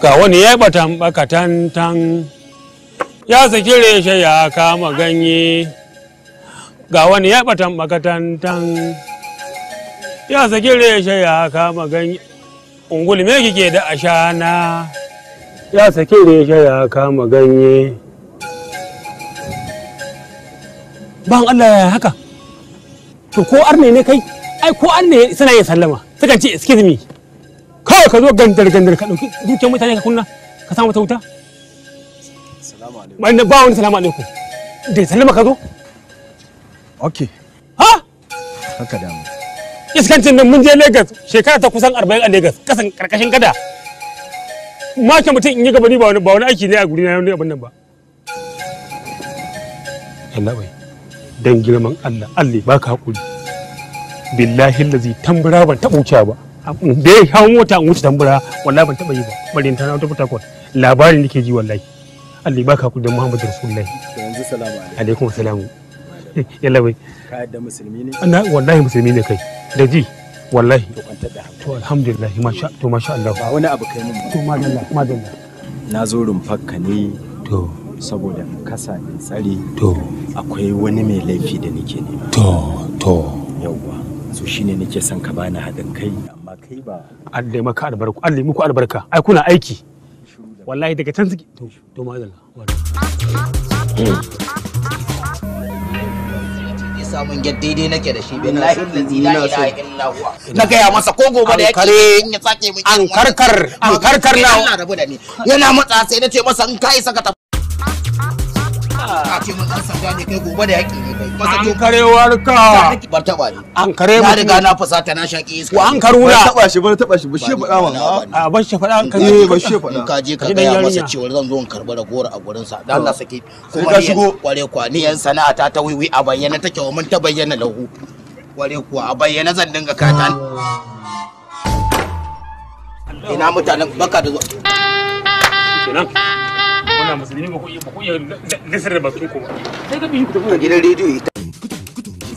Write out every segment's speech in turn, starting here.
ga wani ya batan tan ya saki reshe ya kama ganye ga wani ya batan tan ya saki reshe ya kama ganye unguli me kike da ashana ya saki reshe ya kama ganye ban Allah ya haka to ko arne ne kai ai ko arne suna yin sallama sukan ce excuse me kawai ka zo gandar gandar ka dauki dukiyar mutane ka kunna ka samu ta wuta wannan ba wani salamu alaikum da sallama ka zo Okay. ha haka da mu iskancin nan mun je lagos shekara ta kusan 40 a lagos kasan karkashin gada mace mutum in yi gabani ba wani ba wani aiki ne a guri na wani abin nan ba Allah bai dan girman Allah Allah ka hakuri billahi lazi tambura ban taɓa wuce ba da ya hawo mota an wuce tambura wallahi ban taba yi ba bari ta na wata fitakwal labarin ke ji wallahi Allah baka ku da Muhammadu Rasulullahi yanzu salamu alaikum alaikum salamu yalla bai ka yadda musulmi ne ana wallahi musulmi ne kai da ji wallahi to kwantar da to alhamdulillah masha to masha Allah ba wani abu kai mun to madalla madalla na zo rumfakka ne to saboda kasa in tsare to akwai wani mai laifi da nake nema to to so shine nake son ka bani haɗin kai amma kai ba Allah maka albarka Allah muku albarka ai kuna aiki wallahi daga can suke to to madalla samun na gaya masa ko gobe da yake in ya sake an karkar an karkar yana matsa sai nace masa in kai saka ce mun an sanda ne kai gobe da ne kai to karewar ka bar taba ne an kare mu na fasata na shaki an bar taba shi bar taba shi bashi faɗa a faɗa an kare eh bashi faɗa ka je ka ga masa cewa zan zo in karɓi a gurin sa dan Allah sake ka shigo kware yan sana'a ta ta wiwi a bayyana take wa mun ta bayyana lahu kware kuwa a bayyana zan dinga katan ina mutanen baka da zuwa kenan kuna musulmi ba ku iya ba ku iya nasar da batun ku ba sai ka bi ku tafi gidan rediyo ita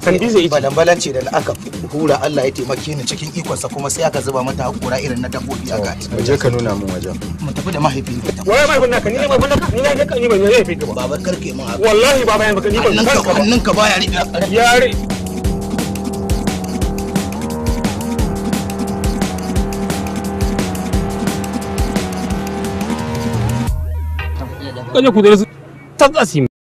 tambiza ita balambalan ce da la'aka hura Allah ya taimake ni cikin ikonsa kuma sai aka zuba mata hakura irin na dabbobi a gani waje ka nuna min wajen mu tafi da mahaifin ka waye mahaifin naka ni ne mahaifin naka ni ne ka ni ba ne mahaifin ka baban karke mun haka wallahi baba ka ni ba hannunka baya ya 感觉古代是张大仙。